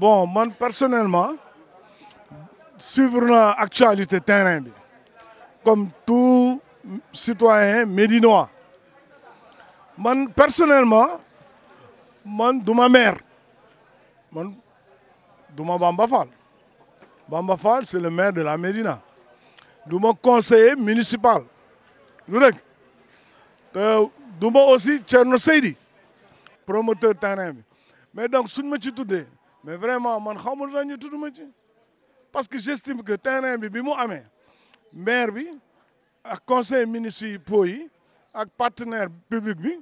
bon man personnellement suivre naa actualité terrain bi comme tout citoyen médinois man personnellement man du ma maire man du ma Bamba Fall Bamba Fall c'est le maire de la Médina du ma conseiller municipal te euh, Dumba aussi Thierno Seydi promoteur terrain bi mais donc suñ ma ci tuddee mais vraiment man xaw ma ñu tudd ma ci parce que j'estime que terrain bi bi mu amee maire bi ak conseil municipal yi ak partenaire public bi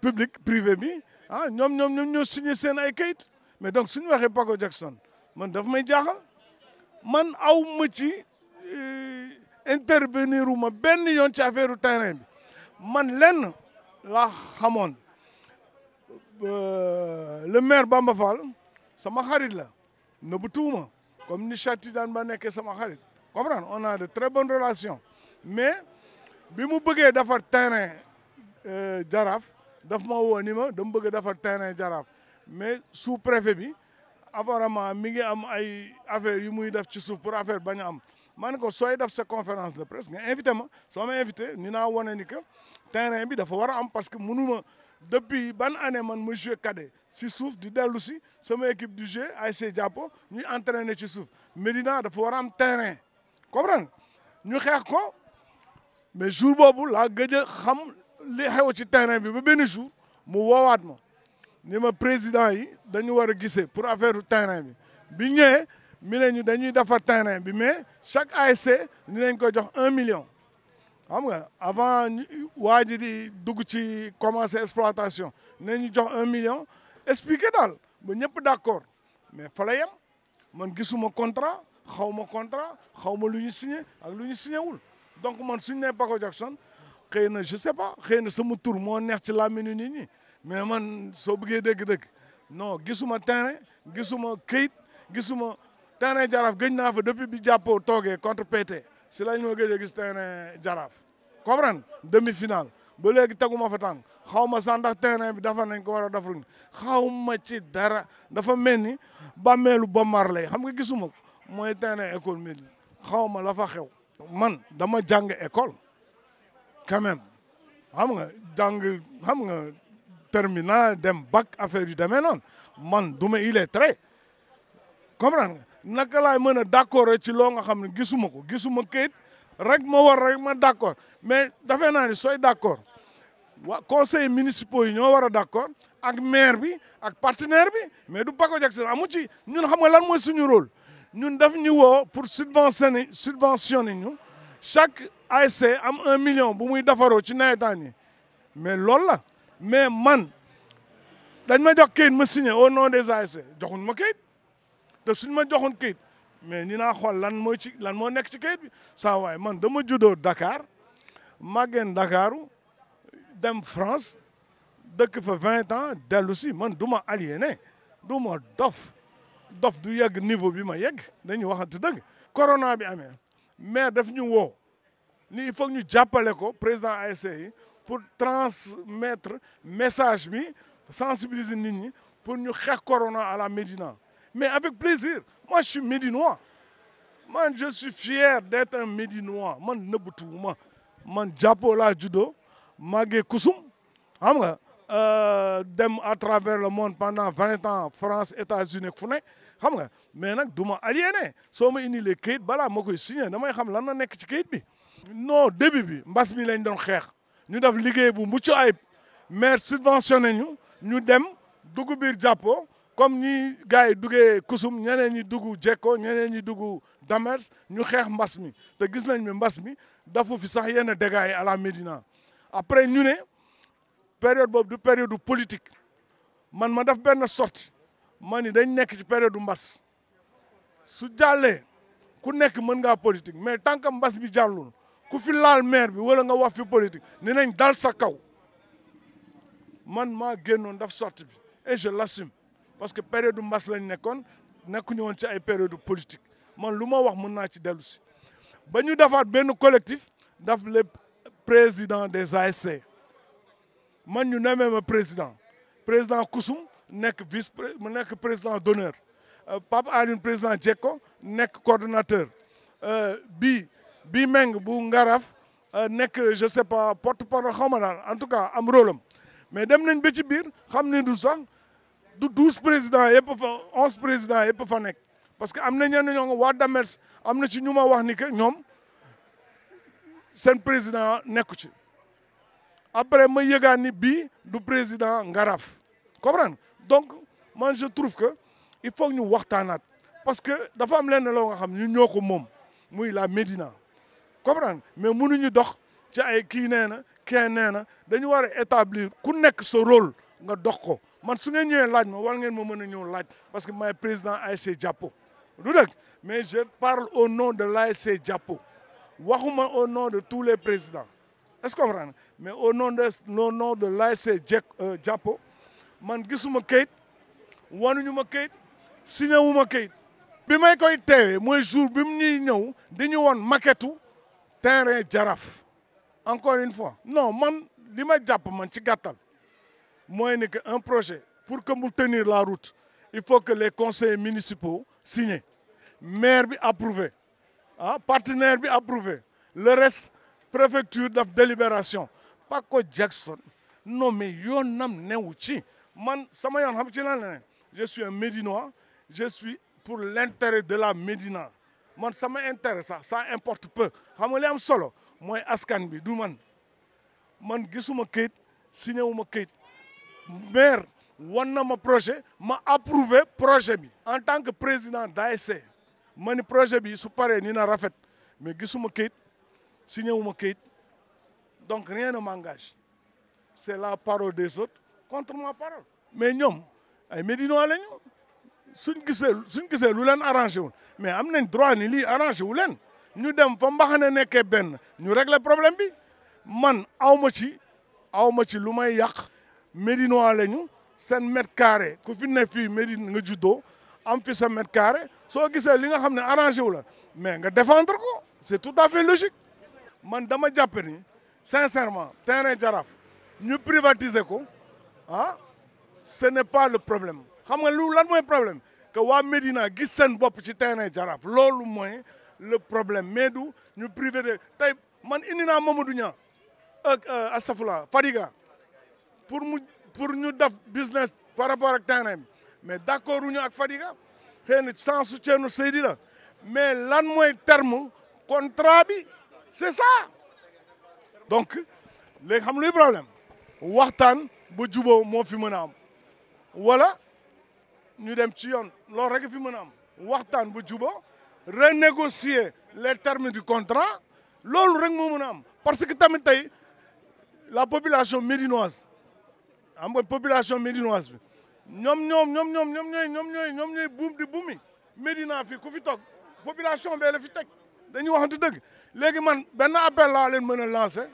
public privé bi ah ñoom ñoom ñoom ñoo signé seen ay kayit mais donc suñu waxee Paco Jackson man daf may jaaxal man aw ma ci euh, intervenir wu ma benn yoon ci affaire terrain bi man lenn la xamoon euh, le maire Bamba Fall sama xarit la nëbbu tuuma comme ni Cheikh Tidiane Ba nekkee sama xarit comprendre on a de très bonnes relations mais bi mu bëggee defar terrain euh, jaraaf daf ma woo ni ma dama bëgg defar terrain jaraaf mais sous préfet bi apparemment mi ngi am ay affaire yu muy def ci suuf pour affaire bañ am maa ko sooy def sa conférence de presse nga invité ma soo ma invité ni naa wane ni que terrain bi dafa war a am parce que mënuma depuis ban année man ma joué cadet si suuf di dellu si sama équipe du jeu ASC Jàppo ñuy entraîné ci suuf Médina dafa war am terrain comprendre ñu xeex ko mais jour boobu laa gëj a xam li xew ci terrain bi ba benn jour mu woowaat ma ni ma président yi dañu war a gisee pour affaire terrain bi bi ñëwee mi ne ñu dañuy defar terrain bi mais chaque ASC dinañ ko jox un million xam nga avant waa ji di dugg ci commencer exploitation dinañu jox un million expliquer daal ba ñëpp d'accord mais fa la yem man gisuma contrat xaw ma contrat xaw ma lu ñu signé ak lu ñu signé wul donc man suñu nee Paco Jackson xëy na je sais pas xëy na sama tur moo neex ci làmmiñu nit ñi mais man soo bëggee dégg-dégg non gisuma terrain gisuma këyit gisuma terrain jaraaf gëj naa fa depuis bi jàppoo toogee contre PT si lañ ma gëj a gis terrain jaraaf comprendre demi finale ba léegi teguma fa tànk xaw ma sax ndax terrain bi dafa nañ ko war a defaruñ xaw ma ci dara dafa mel ni bàmmeelu Bob Marley xam nga gisuma ko mooy terrain école mili xaw ma la fa xew man dama jàng école quand même xam nga jàng xam nga terminal dem bak affaire yu demee noonu man du ma il est très comprendre naka laay mën a d'accord ci loo nga xam ne gisuma ko gisuma kayit rek ma war rek ma d'accord mais dafe naa ni sooy d'accord waa conseil municipaux yi ñoo war a d'accord ak maire bi ak partenaire bi mais du Paco Jackson mu ci ñun xam nga lan mooy suñu rôle ñun daf ñu woo pour subvention subventionner ñu chaque ASC am un million bu muy defaroo ci nawetaan yi mais loolu la mais man dañ ma jox kayit ma signé au nom des ASC joxuñ ma kayit te suñ ma joxoon kayit mais ni naa xool lan mooy ci lan moo nekk ci kayit bi saa waay man dama juddoo dakaar màggeen Dakaru dem France dëkk fa vingt ans dellu si man du ma aliéné du ma dof dof du yegg niveau bi ma yegg dañu waxante dëgg corona bi amee mais daf ñu woo ni il faut ñu jàppale ko président ASC yi pour transmettre message bi sensibiliser nit ñi pour ñu xeex corona à la Médina mais avec plaisir. Moi, je suis médinois. Man, je suis fier d'être un médinois. Man, nëbbatuwuma man jàppoo la judo màggee kusum xam nga euh, dem à travers le monde pendant vingt ans France États-Unis fu ne xam nga mais nag du ma aliéné soo ma indilee kayit balaa ma koy signé damay xam lan na nekk ci kayit bi. non début bi mbas mi lañ doon xeex ñu def liggéey bu mucc ayib maire subventionné ñu ñu dem dugg biir jàppoo. comme ñi gars yi duggee kusum ñeneen ñi dugg jekko ñeneen ñi dugg damers ñu xeex mbas mi te gis nañ mi mbas mi dafu fi sax yenn dégâts yi la Médina après ñu ne période boobu du période politique man ma def benn sortie ma ni dañ nekk ci période mbas su jàllee ku nekk mën ngaa politique mais tant que mbas bi jàllul ku fi laal maire bi wala nga wax fi politique ni nañ dal sa kaw man maa génnoon daf sortie bi et je l'assume parce que période du mbas lañ nekkoon nekkuñu woon ci ay période politique man lu ma wax mën naa ci dellu si ba ñu defaat benn collectif daf le président des ASC man ñu nommé ma président président Kousum nekk vice mu nekk président d'honneur euh, Pape Alioune président Djekko nekk coordonnateur euh, bi bi meng bu Ngaraf euh, nekk je sais pas porte-parole xaw ma daal en tout cas am mais dem nañ ba ci biir xam ne du sax du douze présidents yëpp fa onze présidents yëpp fa nekk parce que am na ñenn ñoo nga waa Damels am na ci ñu ma wax ni que ñoom seen président nekku ci après ma yëgaan ni bii du président Ngaraaf comprendre donc man je trouve que il faut ñu waxtaanaat parce que dafa am lenn loo nga xam ñu ñoo ko moom muy la Médina comprendre mais mënuñu dox ci ay kii nee na kee nee na dañu war a établir ku nekk sa rôle nga dox ko man su ngeen ñëwee laaj ma war ngeen ma mën a ñëw laaj parce que maay président ASC Jàppo du dëgg mais je parle au nom de la l'ASC Jàppo waxuma au nom de tous les présidents est-ce que comprendre mais au nom de la nom de l'ASC Jek euh, Jàppo man gisuma kayit wanuñu ma kayit signé wu ma kayit bi may koy teewee mooy jour bi mu ñuy ñëw di ñu woon maquette terrain jaraf encore une fois non man li ma jàpp man ci gàttal mooy ne que un projet pour que mu tenir la route il faut que les conseils municipaux signent maire bi approuvé ah partenaire bi approuvé le reste préfecture daf délibération Paco Jackson non mais yoonam newu ci man sama yoon xam ci lan la ne je suis un médinois je suis pour l'intérêt de la Médina man sama intérêt sax ça importe peu xam nga li am solo mooy askan bi du man man gisuma këyit signé wuma këyit maire wan na ma projet ma approuvé projet bi en tant que président d'ASC ma ni projet bi su paree nii na rafet mais gisuma kayit si wu ma kayit donc rien ne m'engage c'est la parole des autres contrement ma parole mais ñoom ay médinois la ñu suñ gisee suñ gisee lu leen arrangé wul mais am nañ droit ni lii arrangé wu leen ñu dem fa mbaxane nekkee benn ñu régler problème bi man awma ci awma ci lu may yàq médinois lañu seen mètre carré ku fi ne fii Médine nga juddoo am fi sa mètre carré soo gisee li nga xam ne arrangé wu la mais nga défendre ko c'est tout à fait logique man dama jàpp ni sincèrement terrain jaraaf ñu privatiser ko ah ce n'est pas le problème xam nga lu lan mooy problème que waa Médina gis seen bopp ci terrain jaraaf loolu mooy le problème mais du ñu privé tey man indi naa Mamadou Niang ak euh, astafurlah Fadiga pour mu pour ñu def business par rapport ak terrain bi mais d' accord wuñu ak Fadiga xëy na sans soutien nu Seydi la mais lan mooy terme contrat bi c' est ça donc léegi xam luy problème waxtaan ba juboo moo fi mën a am wala ñu dem ci yoon loolu rek fi mën a am waxtaan ba juboo renégocier les termes du contrat loolu rek moo mën a am parce que tamit tey la population médinoise xam nga population médinoise bi ñoom ñoom ñoom ñoom ñoom ñooy ñoom ñooy ñoom ñooy buum di buumi médina fii ku fi toog population bee la fi teg dañuy waxante dëgg léegi man benn appel laa leen mën a lancer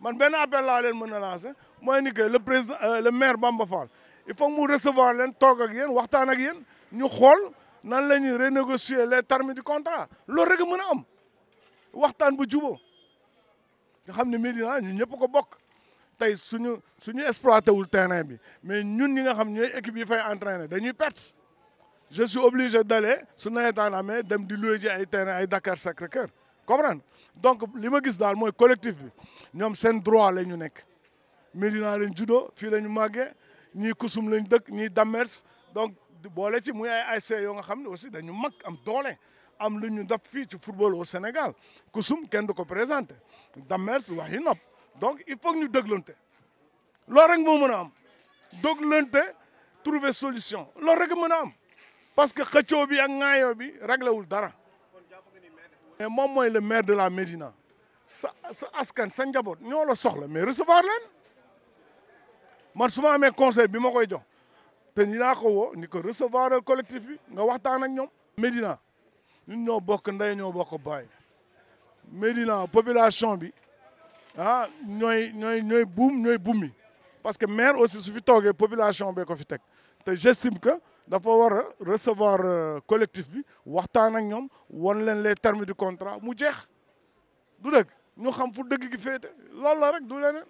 man benn appel laa leen mën a lancer mooy ni que le président euh, le maire Bamba Fall il faut mu recevoir leen toog ak yéen waxtaan ak yéen ñu xool nan la ñuy renégocier les termes du contrat loolu rek mën a am waxtaan bu jubóo nga xam ne Médina ñu ñëpp ko bokk. tey suñu suñu exploité wul terrain bi mais ñun ñi nga xam ñooy équipe yi fay entraîner dañuy perte je suis obligé d'aller su nawetaan amee dem di loué ji ay terrain ay Dakar Sacré-Cœur comprendre donc li ma gis daal mooy collectif bi ñoom seen droit la ñu nekk Médina lañ juddoo fii la ñu màggee ñii kusum lañ dëkk ñii Dammers donc boole ci muy ay ASC yoo nga xam ne aussi dañu mag am doole am lu ñu def fii ci football au Sénégal kusum kenn du ko présenté Dammers waxi nopp donc il faut que ñu déglante loolu rek moo mën a am déglante trouver solution loolu rek mën a am parce que xëccoo bi a ŋaayoo bi réglewul dara mais moom mooy le maire de la Médina sa sa askan sa njaboot ñoo la soxla mais recevoir leen man su ma amee conseil bi ma koy jox te ni naa ko woo ni ko recevoir collectif bi nga waxtaan ak ñoom Médina ñun ñoo bokk nday ñoo bokk baay Médina population bi ah ñooy ñooy ñooy buum ñooy bumi parce que maire aussi su fi toogee population bee ko fi teg te j'estime que dafa war a recevoir euh, collectif bi waxtaan ak ñoom wan leen les termes du contrat mu jeex du dëgg ñu xam fu dëgg gi féete loolu la rek du leneen